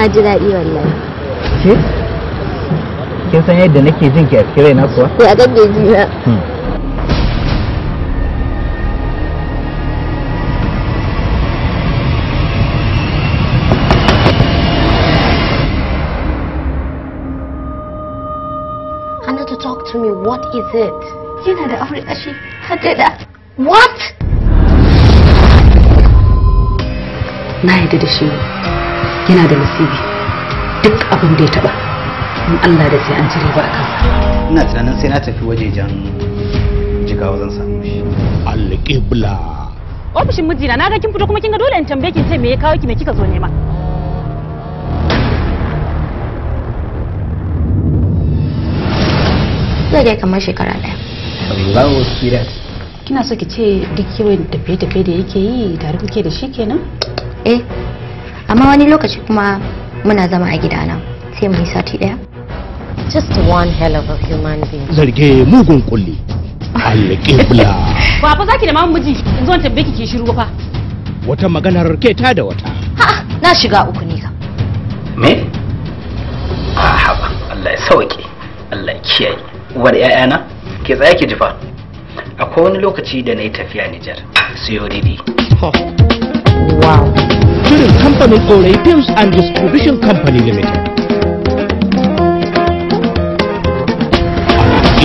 na ji daɗi wallahi ke kin san yadda nake jin ki a cikin raina kuwa ya kake ji na hmm. to talk to me. What is it? Yana da aure kashi. Hadeda. What? Na yadda da shi. yana da nasibi duk abin da ya taba in Allah da sai an cire ba a kansa ina tunanin sai na tafi waje jan jigawa zan samu shi alƙibla ofishin mijina na ga kin fito kuma kin ga dole in tambaye kin ce me ya kawo ki me kika zo nema zai kai kamar shekara daya Allahu Akbar kina so ki ce duk yawan tafiye-tafiye da yake yi tare kuke da shi kenan eh amma wani lokaci kuma muna zama a gidana sai mu yi sati daya just one hell of a human being zarge mugun kulli allake bula ba fa zaki da mamu miji in zo tambaye ki ke shiru fa wata maganar ke ta da wata ha na shiga uku ne ka me a haba Allah ya sauke Allah ya kiyaye uwar 'ya'yana, ke tsaya ki jifa akwai wani lokaci da na yi tafiya Nijar siyo didi wow shirin kamfanin Orai Films and Distribution Company Limited.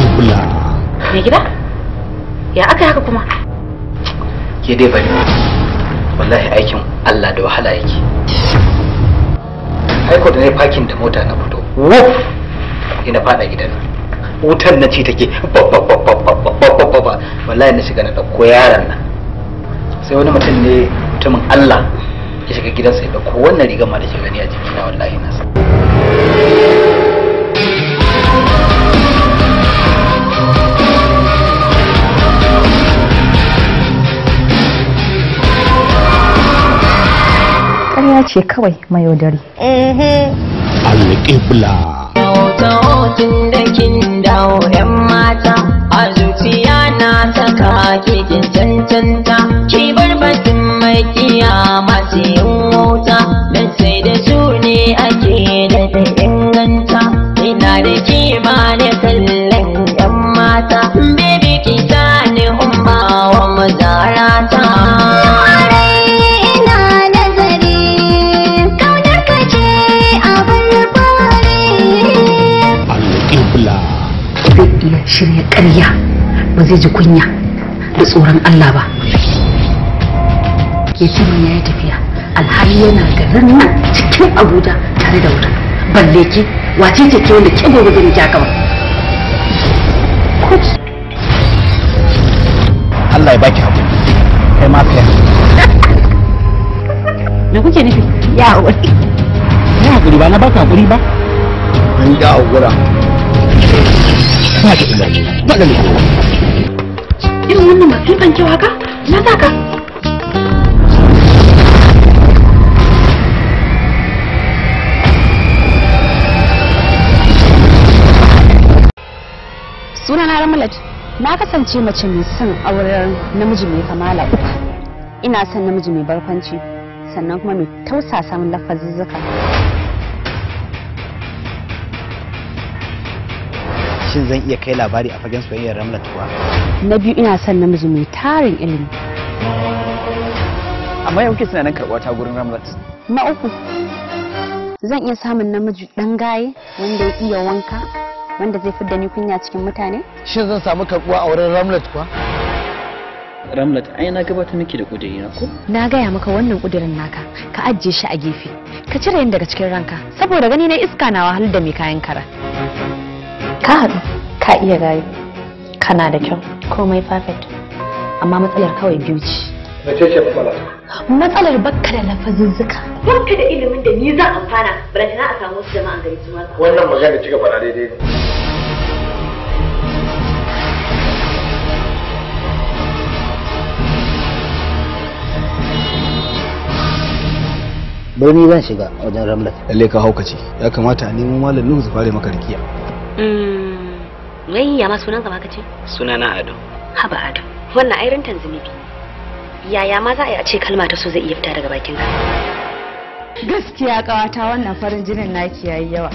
Ingula. Me gida? Ya aka haka kuma? Ke dai bari. Wallahi aikin Allah da wahala yake. Aiko da na fakin da mota na fito. Wuf! Ina fada gidan. Wutar na ce take babba wallahi na shiga na ɗauko yaran nan. Sai wani mutum ne mutumin Allah ki shiga gidansa ya ɗauko wannan rigar ma da ke gani a na wallahi na ƙarya ce kawai mayaudari. Mhm. Alƙibla. ta hotun da kin dawo 'yan mata a zuciya na kake kikin cancanta. makiya masu yin wauta don sai da su ne ake da inganta ina da kima ne kallon yan mata bebe kita ne umma wa mazarata shirya ƙarya ba zai ji kunya da tsoron Allah ba ke ce min yayi tafiya alhali yana garin nan cikin abuja tare da wuta balle ki wace ce ke wanda ke gobe gari ki ba Allah ya baki hakuri kai ma kai me kuke nufi ya wani. ya hakuri ba na baka hakuri ba an ya hakura ba ta tunani ba da ba. irin wannan masifan kyau haka na saka Suna na ramalat na kasance mace mai son auren namiji mai kamala uku ina son namiji mai barkwanci sannan kuma mai tausasa min lafazuzzuka shin zan iya kai labari a fagen soyayyar ramlat kuwa na biyu ina son namiji mai tarin ilimi amma yau kuke tunanin karbuwa ta gurin ramlat na uku zan iya samun namiji ɗan gaye wanda ya iya wanka wanda zai fidda ni kunya cikin mutane shin zan samu karbuwa a wurin ramlet kuwa ramlet ai na gabata miki da kudirina ko na gaya maka wannan kudirin naka ka ajiye shi a gefe ka cire yin daga cikin ranka saboda gani na iska na wahal da mai kayan kara ka haɗu ka iya rayu kana da kyau komai perfect amma matsalar kawai biyu ce Mace ce matsalar. Matsalar bakka da zuzuka. Bakka da ilimin da ni zan amfana, balanta na a samu wasu jama'a gari su matsa. Wannan magana da kika daidai ne. birni zan shiga wajen ramlat lalle ka ce ya kamata a nemo malam nuhu su fare maka rikiya hmm, wai ya ma sunanka ka ce sunana ado haba ado wannan ai rantan biyu yaya ma za a yi a ce kalma ta so zai iya fita daga bakin ka gaskiya kawata wannan farin jinin naki yayi yawa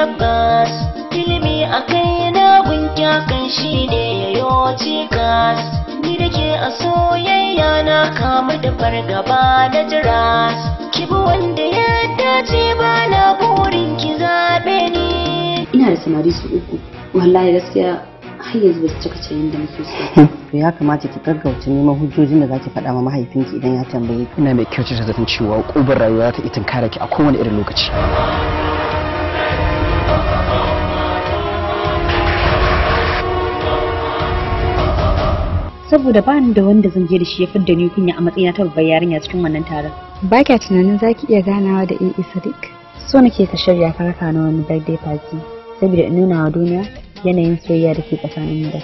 tabbas ilimi a kai na gunki kan shi ne yayo cikas ni da ke a soyayya na kamu da fargaba da jiras ki bi wanda ya dace ba na burin ki zaɓe ni ina da samari su uku wallahi gaskiya har yanzu ba su cika ce yadda muke so to ya kamata ki gaggauta neman hujjojin da za ki faɗa ma mahaifinki idan ya tambaye ki ina mai kyautar da zaton cewa ƙubar rayuwa ta itin kare ki a kowane irin lokaci saboda ba da wanda zan je da shi ya fidda ni kunya a matsayina ta babbar yarinya cikin wannan taron. Ba kya tunanin za ki iya ganawa da AA Sadiq? So nake ka shirya farka na wani birthday party saboda in nuna wa duniya yanayin soyayya da ke tsakanin da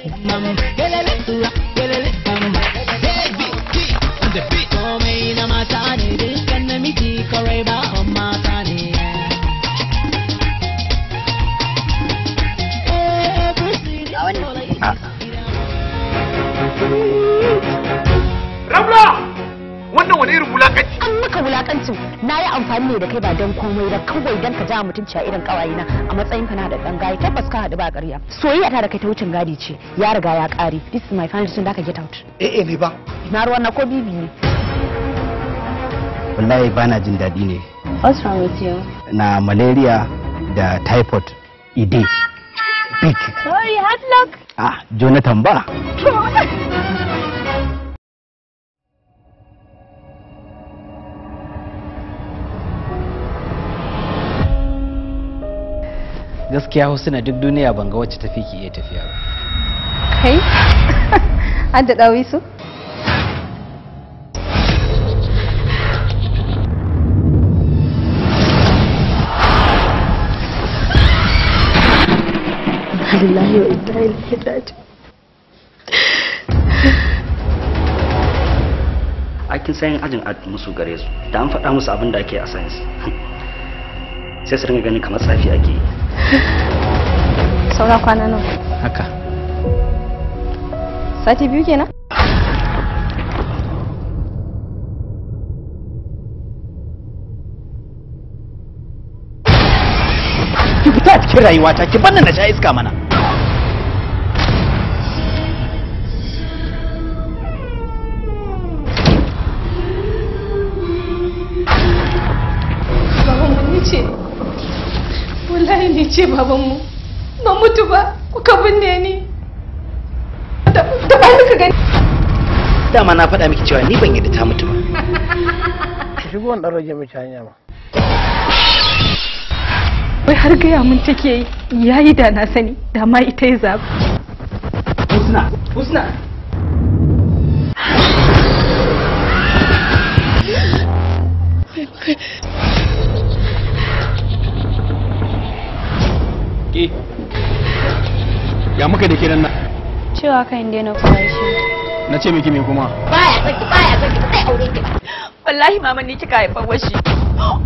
kai. hannu da kai ba don komai ba kawai don ka ja mutunci a irin kawai na a matsayinka na da dan gaya tabbas ka haɗu ba ƙarya soyayya ta da kai ta wucin gadi ce ya riga ya ƙare this is my final decision da ka get out eh eh ba na ruwan na ko bibi ne wallahi bana jin daɗi ne what's wrong with you na malaria da typhoid idi big sorry hard luck ah jonathan ba gaskiya husna duk duniya ban ga wacce tafi ki iya tafiya ba kai an da dawi su Alhamdulillahi wa inna ilaihi akin sayan ajin a musu gare su da an faɗa musu abin da ake a sayansu sai su ringa ganin kamar tsafi ake yi sauran kwana nan haka sati biyu kenan ki fita a cikin rayuwata ki banna na sha iska mana ce babanmu ba mutu ba kuka binne ni da ba ka gani dama na faɗa miki cewa ni ban yadda ta mutu ba ki shigo wani rage miki hanya ma wai har gaya mun take yayi da na sani da ma ita ya zaɓi husna husna Okay. Ke, eh. ya muka da ke nan? Cewa kan kuma shi Na ce miki me kuma? Baya saki, baya ba sai aure ki. Wallahi mama ni kika haifar washi.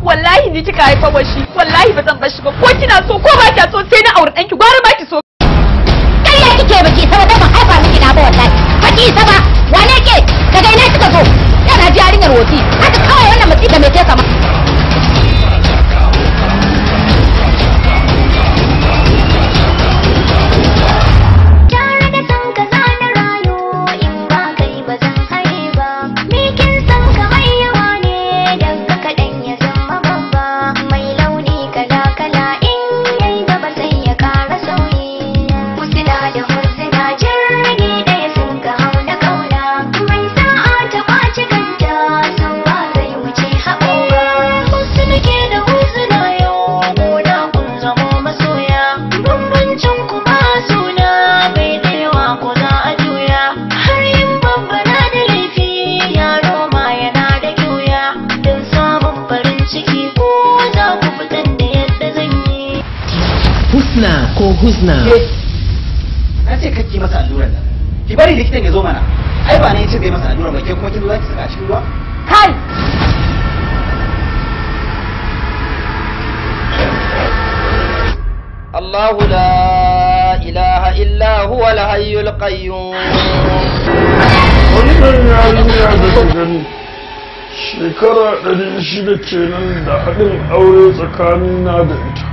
Wallahi ni kika haifar washi. Wallahi ba zan bar shi ba. Ko kina so ko ba kya so sai na aure danki gwara ba ki so. Kariya kike ba ki saba da ba haifa miki na ba wallahi. Ba ki saba wane ke daga ina kika so Yana ji yarinyar Haka kawai wannan da mai teka maka. husna ko husna na ce kake masa alluran nan ki bari likitan ya zo mana ai ba ne ce zai masa alluran ba ke kuma kin za ki saka cikin ruwa kai الله لا إله إلا هو الحي القيوم shekara ɗari shida kenan da haɗin aure tsakanina da ita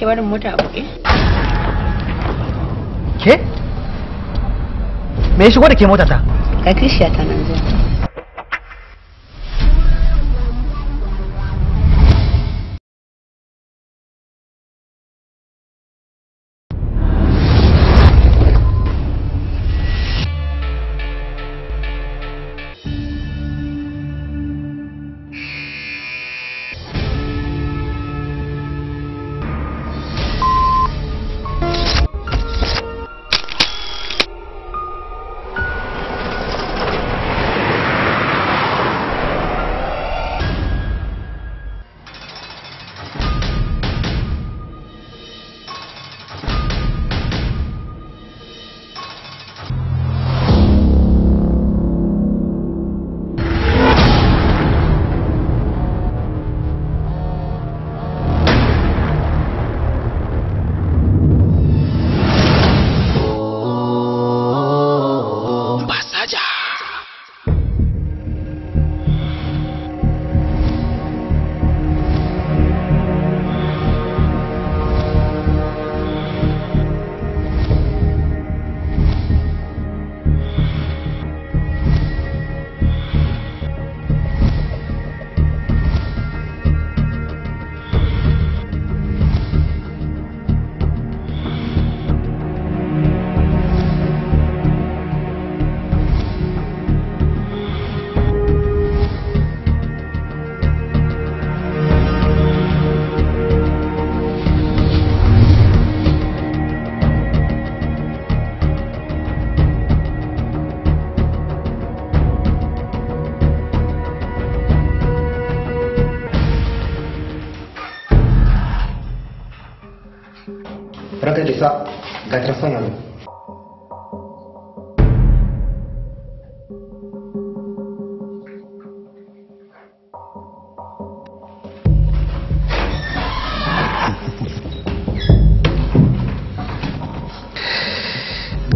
ke barin mota a buɗe ke me ya shigo da ke mota ta ga kishiya ta nan zuwa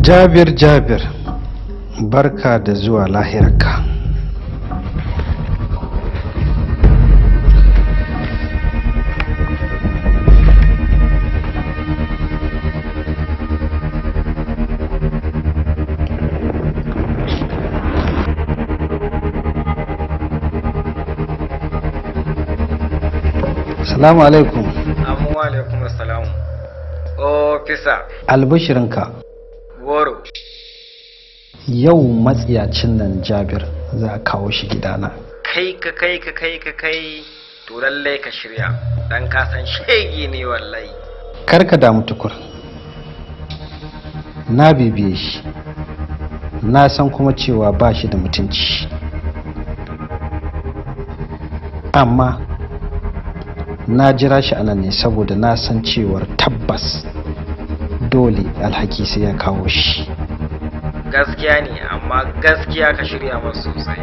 jabir jabir barka da zuwa lahirka salamu alaikum amu alaikum assalamu ofisa oh, albishirinka goro yau matsiyacin nan jabir za a kawo shi gidana kai ka kai ka kai ka kai to lallai shirya dan ka shege ne wallahi karka damu tukur na bibiye shi na san kuma cewa ba shi da mutunci amma na jira shi nan ne saboda na san cewar tabbas dole alhaki sai ya kawo shi gaskiya ne amma gaskiya ka shirya masu sosai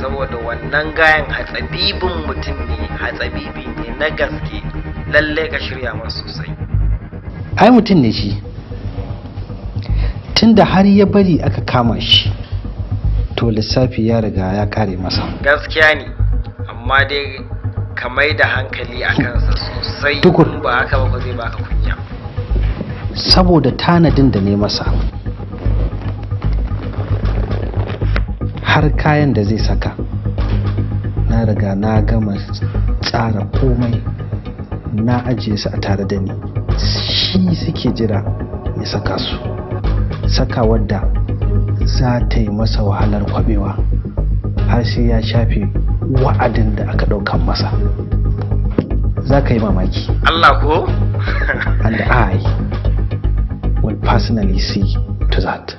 saboda wannan gayan hatsabibin mutum ne hatsabibi ne na gaske lallai ka shirya masu sosai ai mutum ne shi tunda har ya bari aka kama shi to lissafi ya riga ya kare masa gaskiya ne amma dai ka mai da hankali a kansa sosai tukur ba haka ba zai baka kunya saboda tanadin da ne masa har kayan da zai saka na riga na gama tsara komai na ajiye su a tare da ni shi suke jira ya saka su saka wadda za ta yi masa wahalar kwabewa har sai ya shafe wa'adin da aka ɗaukan masa za ka yi mamaki Allah ko? Allah ai personally see to that.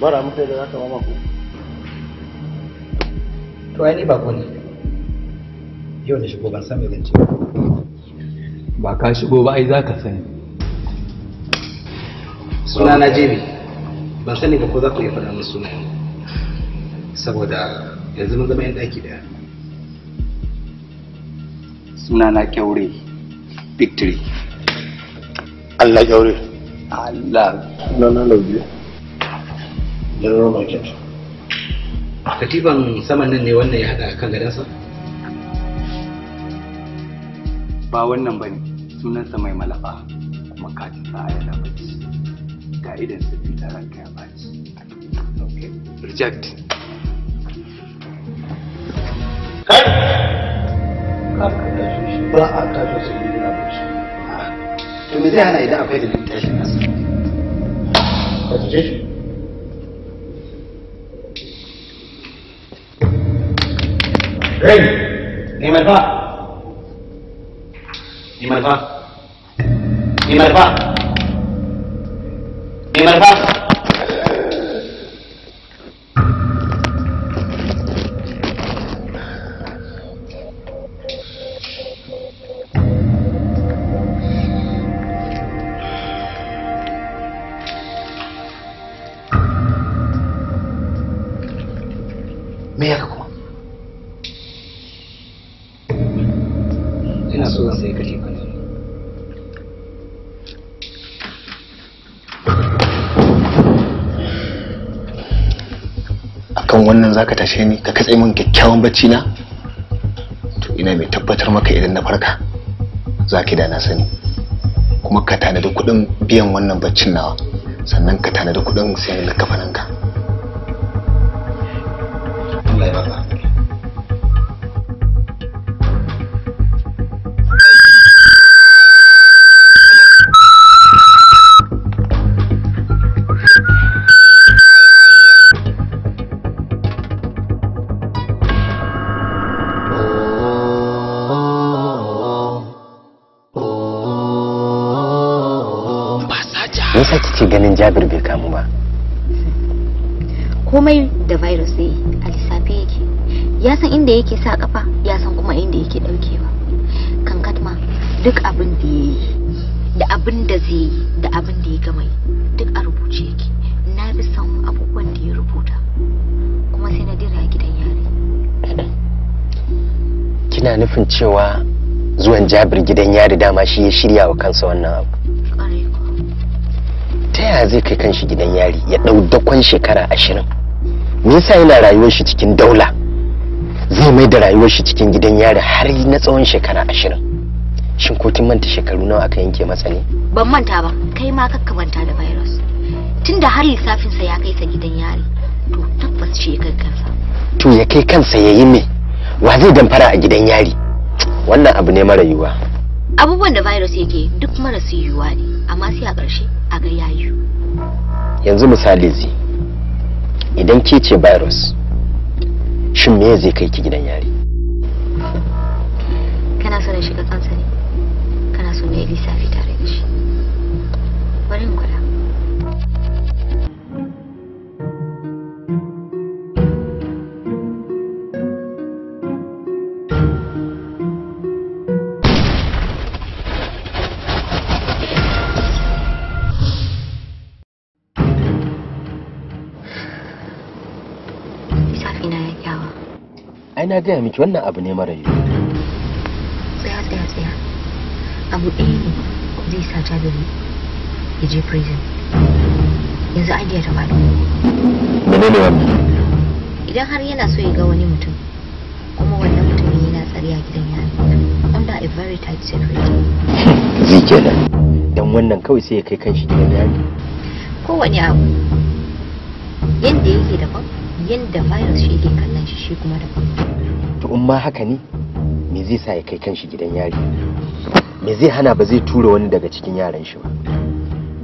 bara muka da zaka mama ku to ai ni ba ku ne yau da shigo ban san me zan ce ba ka shigo ba ai za ka sani suna na jebi ban sani ba ko za ku iya faɗa min suna saboda yanzu mun zama yan ɗaki ɗaya suna na kyaure victory Allah kyaure Allah na na lauje general market katiban saman nan ne wannan ya hada kan gadansa ba wannan ba bane sunansa mai malafa kuma katin sa a yana bacci ga idan sa fita ranka ya baci reject kai ka kashe shi ba a kashe shi ne na bacci to me zai hana idan akwai da littafin nasu. ka je 人，你们放，你们放，你们放，你们放。wannan zaka tashe ni ka katse min kyakkyawan bacci na to ina mai tabbatar maka idan na farka zaki da na sani kuma ka tanadi kuɗin biyan wannan baccin nawa sannan ka tanadi kuɗin sayan likafaninka komai da virus ne a lissafi yake ya san inda yake sa kafa ya san kuma inda yake daukewa kankatma duk abin da ya yi da abin da zai yi da abin da ya gama yi duk a rubuce yake na bi son abubuwan da ya rubuta kuma sai na dira gidan yare kina nufin cewa zuwan jabir gidan yari dama shi ya shirya wa kansa wannan abu ta yaya zai kai kanshi gidan yari ya ɗau dakon shekara ashirin me yasa yana rayuwar shi cikin daula zai mai da rayuwar shi cikin gidan yari har na tsawon shekara ashirin shin ko kin manta shekaru nawa aka yanke masa ne ban manta ba kai ma kakka manta da virus tunda har lissafin sa ya kai sa gidan yari to tabbas shi kai kansa to ya kai kansa yayi me wa zai damfara a gidan yari wannan abu ne mara yiwuwa abubuwan da virus yake duk su yiwuwa ne amma sai a ƙarshe a ga yayu yanzu misali zai idan ke ce virus shin me zai kai ki gidan yari kana son shiga kansa ne kana son na yi lissafi na gaya miki wannan abu ne mara yiwu tsaya tsaya tsaya abu ɗaya ne zai sa jabiru ya je prison yanzu an idea ta bada menene wannan idan har yana so ya ga wani mutum kuma wannan mutumin yana tsari a gidan yari under a very tight security zai kenan dan wannan kawai sai ya kai kanshi gidan ne kowane abu yadda yake daban yadda virus shi ke kallon shi shi kuma daban to in ma haka ne me zai sa ya kai kanshi gidan yari me zai hana ba zai tura wani daga cikin yaran shi ba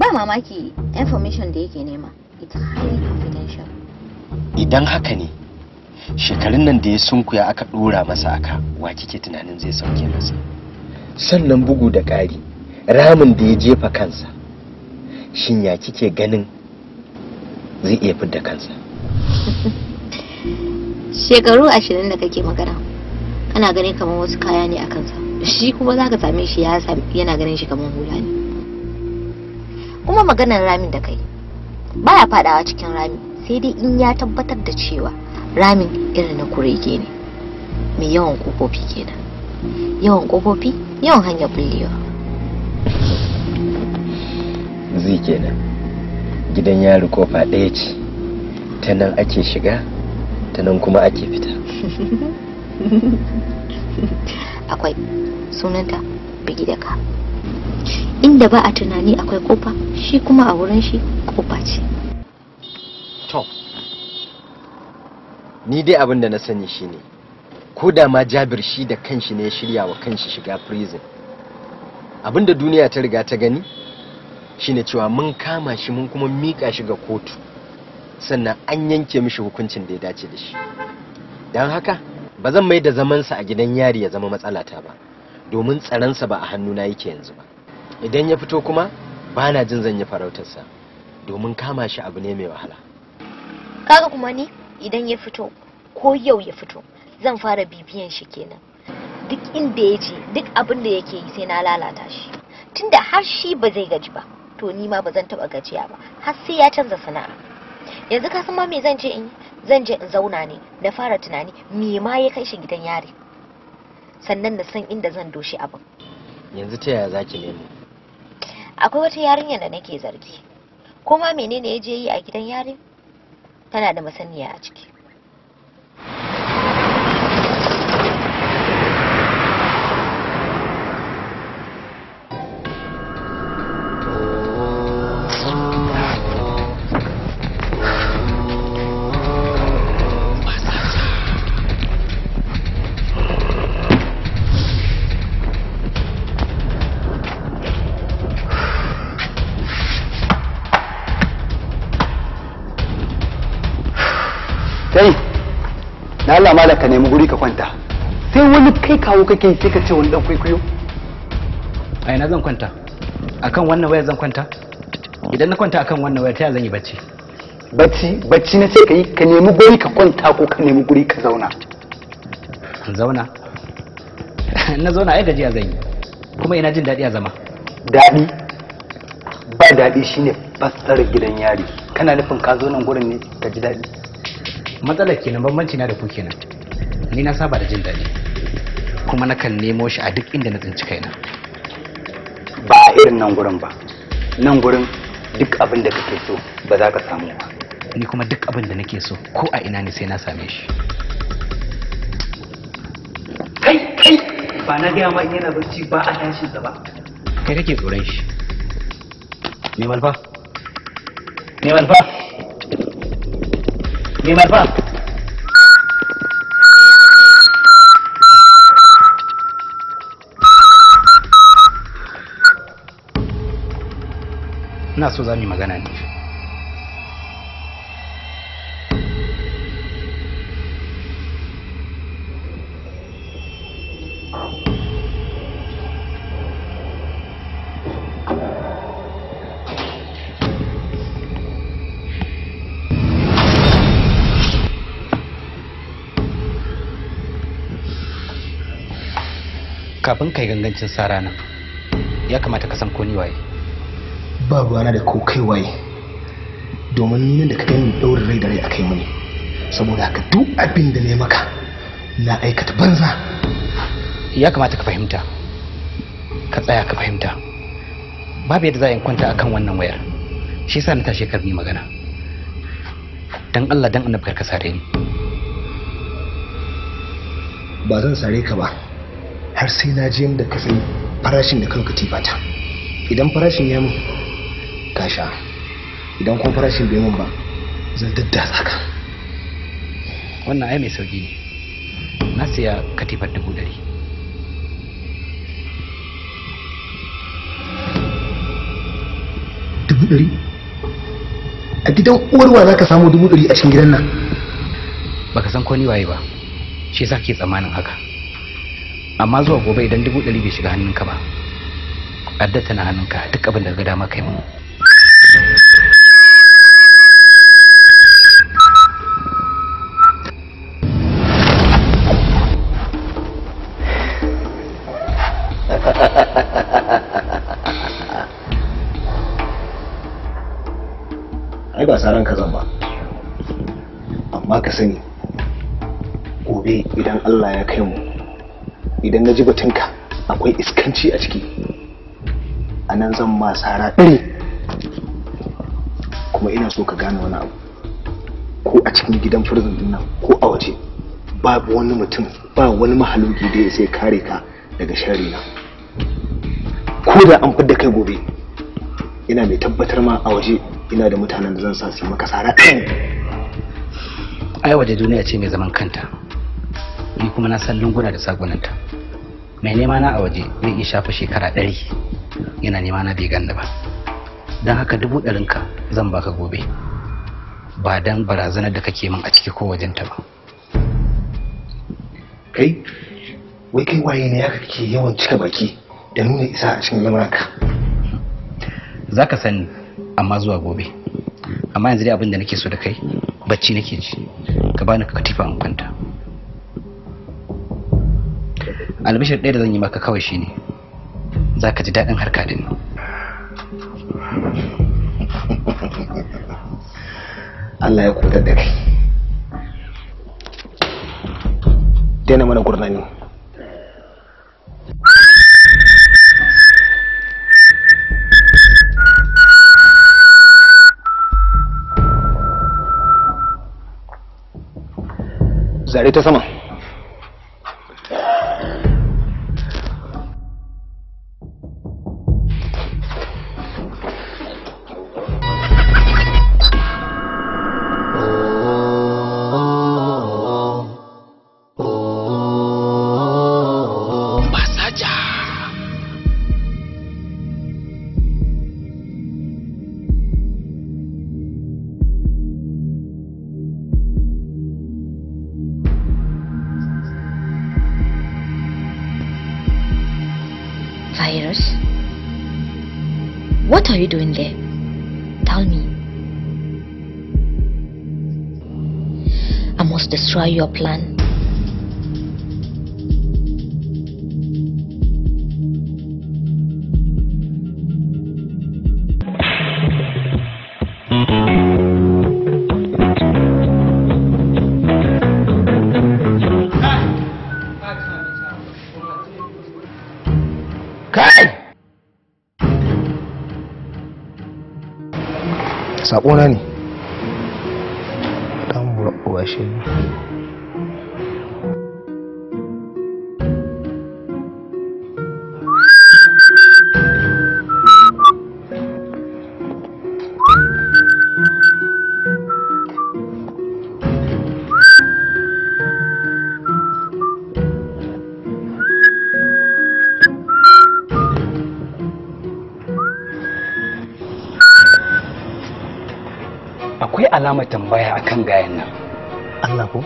ba mamaki information da yake nema it's highly confidential idan haka ne shekarun nan da ya sunkuya aka dora masa aka wa kike tunanin zai sauke masa sannan bugu da ƙari ramin da ya jefa kansa shin ya kike ganin zai iya fidda kansa shekaru ashirin da kake magana kana ganin kamar wasu kaya ne a kansa shi kuma za ka same shi yana ganin shi kamar hula ne kuma maganar ramin da kai baya fadawa cikin rami sai dai in ya tabbatar da cewa ramin irin na kurege ne mai yawan kofofi kenan yawan kofofi yawan hanyar bullewa zai kenan gidan yari kofa ɗaya ce ta nan ake shiga ta nan kuma ake fita akwai sunanta bigi da ka inda ba a tunani akwai kofa shi kuma a wurin shi kofa ce to ni dai abin da na sani shine ko da ma jabir shi da kanshi ne ya shirya wa kanshi shiga prison abin da duniya ta riga ta gani shine cewa mun kama shi mun kuma mika shi ga kotu sannan an yanke mishi hukuncin da ya dace da shi don haka ba zan mai da zamansa a gidan yari ya zama matsalata ba domin tsaransa ba a hannuna yake yanzu ba idan ya fito kuma ba na jin zan yi farautarsa domin kama shi abu ne mai wahala kaga kuma ni idan ya fito ko yau ya fito zan fara bibiyan shi kenan duk inda ya je duk abin da yake yi sai na lalata shi tunda har shi ba zai gaji ba to ni ma ba zan taba gajiya ba har sai ya canza sana'a yanzu ka san ma me zan je in zan je in zauna ne na fara tunani me ma ya kai shi gidan yari sannan na san inda zan doshi abin yanzu ta yaya zaki nemo akwai wata yarinya da nake zargi ko menene ya je yi a gidan yari tana da masaniya a ciki na Allah mala ka nemi guri ka kwanta sai wani kai kawo kake sai ka ce wani dan kwaikwayo a ina zan kwanta akan wannan waya zan kwanta idan na kwanta akan wannan waya, ta zan yi bacci bacci bacci na ce ka yi ka nemi guri ka kwanta ko ka nemi guri ka zauna zauna na zauna ai gajiya zan yi kuma ina jin daɗi a zama daɗi ba daɗi shine fassarar gidan yari kana nufin ka zo nan gurin ne ka ji daɗi matsalar kenan bambanci na da ku kenan ni na saba da jin daɗi kuma na kan nemo shi a duk inda na tsinci kaina ba a irin nan gurin ba nan gurin duk abin da kake so ba za ka samu ba ni kuma duk abin da nake so ko a ina ne sai na same shi kai kai ba na gaya ma yana barci ba a tashi sa ba kai kake tsoron shi me malfa ne malfa me my pump. so za yi magana ne. kafin kai gangancin sara nan ya kamata ka san ko ni waye ba da ko kai waye domin nan da ka ni daurin rai da rai akai mini saboda haka duk abin da ne maka na aikata banza ya kamata ka fahimta ka tsaya ka fahimta babu yadda za in kwanta akan wannan wayar shi yasa na tashi karbi magana dan Allah dan annabi ka sare ni ba zan sare ka ba har sai na je da ka sani farashin da kanka tifata idan farashin ya min ka sha idan kuma farashin bai mun ba zan daddatsa ka wannan ai mai sauki ne na siya katifar dubu dari dubu dari a gidan uwarwa za ka samu dubu dari a cikin gidan nan baka san ko ni waye ba shi yasa ke tsammanin haka amma zuwa gobe idan dubu ɗari bai shiga hannunka ba adda tana hannunka duk abin da ga dama kai mu ai ba saran ka zan ba amma ka sani gobe idan Allah ya kai mu idan na ji batunka akwai iskanci a ciki a nan zan ma sara ɗari kuma ina so ka gane wani abu ko a cikin gidan firzin dinnan ko a waje babu wani mutum ba wani mahaluki da ya sai kare ka daga sharina, na ko da an fidda kai gobe ina mai tabbatar ma a waje ina da mutanen da zan sa su maka sara ai waje duniya ce mai zaman kanta ni kuma na san lunguna da sagunanta mai nema a waje zai iya shafa shekara ɗari yana nema na bai ganni ba don haka dubu ɗarinka zan baka gobe ba don barazanar da kake min a ciki ko wajenta ba kai wai kai waye ne ya kake yawan cika baki da nuna isa a cikin lamarka za ka sani amma zuwa gobe amma yanzu dai abin da nake so da kai bacci nake ji ka bani katifa in kwanta albishir ɗaya da zan yi maka kawai shi ne za ka ji daɗin harka da ni Allah ya kuta da kai daina mana gurnani zare ta sama Joshua Yoplan. sakona ne ɗan buwa shi alama tambaya akan gayan nan Allah ko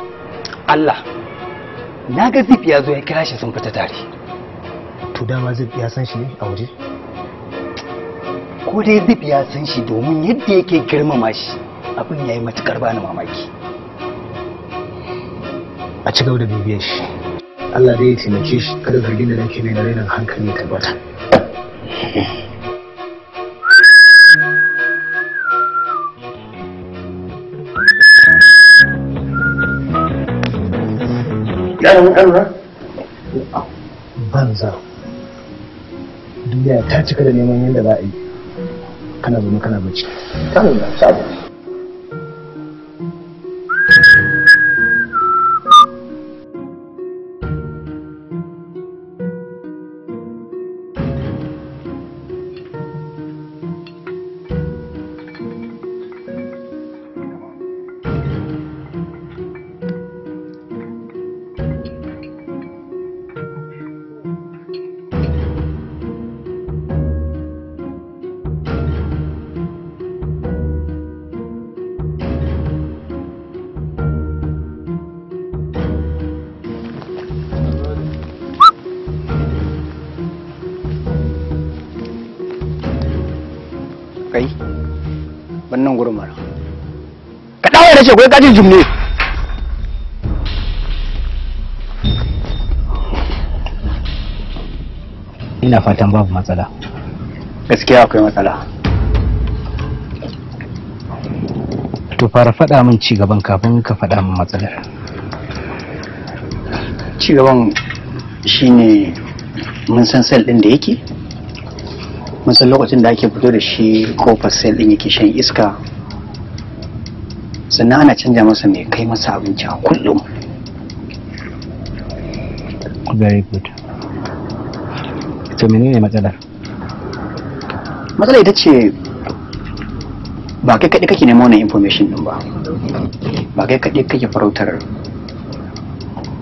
Allah na ga zip ya zo ya kira shi sun fita tare to dama zip ya san shi ne a waje ko dai zip ya san shi domin yadda yake girmama shi abin ya yi matukar bani mamaki a cigaba da bibiyar shi Allah dai ya taimake shi kada zargin da nake mai na rainan hankali ya tabbata ya ramu an banza duniya ta cika da neman yadda za a yi kana zama kana bacci ta ce ko ka ina fatan babu matsala gaskiya akwai matsala to fara faɗa min cigaban kafin ka faɗa min matsalar ci gaban shine mun san sel ɗin da yake mun san lokacin da ake fito da shi kofar sel ɗin yake shan iska sannan ana canja masa mai kai masa abinci a kullum very good to menene matsalar matsalar ita ce ba kai kaɗi kake neman wannan information din ba ba kai kaɗi kake farautar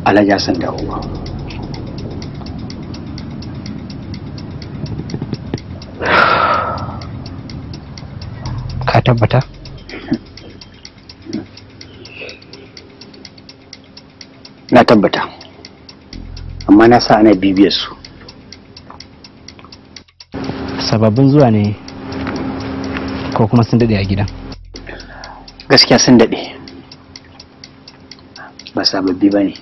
alajasan hassan dawo ba ka tabbata ana sa ana bibiyar su sababbin zuwa ne ko kuma sun daɗe a gidan gaskiya sun daɗe ba sababbi ba ne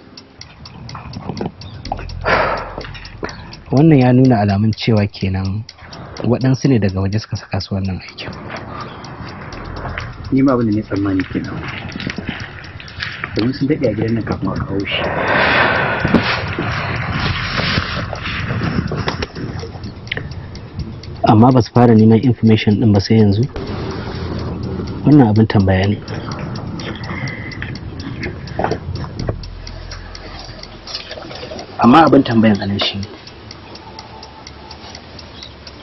wannan ya nuna alamun cewa kenan waɗansu ne daga waje suka saka su wannan aikin ni ma abin da ne tsammani kenan domin sun daɗe a gidan nan kafin a kawo shi amma ba su fara neman information din ba sai yanzu wannan abin tambaya ne amma abin tambayan anan shi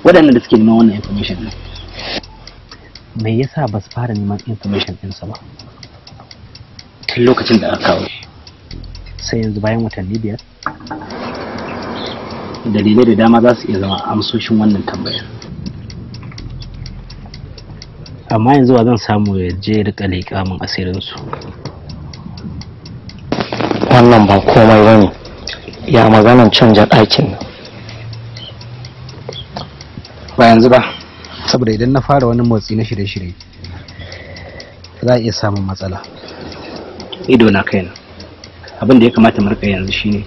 waɗannan da suke neman wannan information din me yasa ba su fara neman information ɗinsa ba tun lokacin da aka kawo sai yanzu bayan watanni biyar dalilai da dama za su iya zama amsoshin wannan tambayar amma yanzu zan samu ya je rika min asirinsu wannan ba komai ba ne ya maganan canja ɗakin ba yanzu ba saboda idan na fara wani motsi na shirye-shirye za a iya samun matsala ido na kai abin da ya kamata mu rika yanzu shine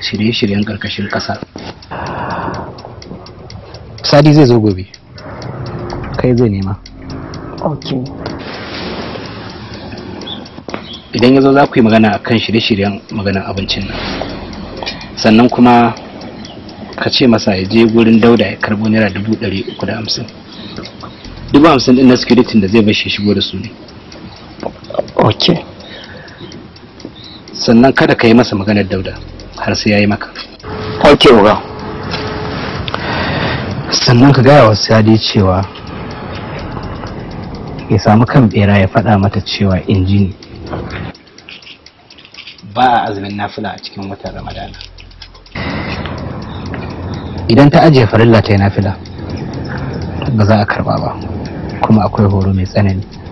shirye-shiryen ƙarƙashin ƙasa sadi zai zo gobe kai zai nema ok idan ya zo za ku yi magana a kan shirye-shiryen maganar abincin nan sannan kuma ka ce masa ya je gurin dauda ya karbo naira dubu ɗari uku da hamsin dubu hamsin din na security da zai bashi shigo da su ne ok sannan kada ka yi masa maganar dauda har sai ya yi maka ok oga sannan ka gaya wa sadi cewa ya samu kan bera ya faɗa mata cewa injini ba a azumin nafila a cikin watan ramadana idan ta ajiye farilla ta yi nafila ba za a karba ba kuma akwai horo mai tsanani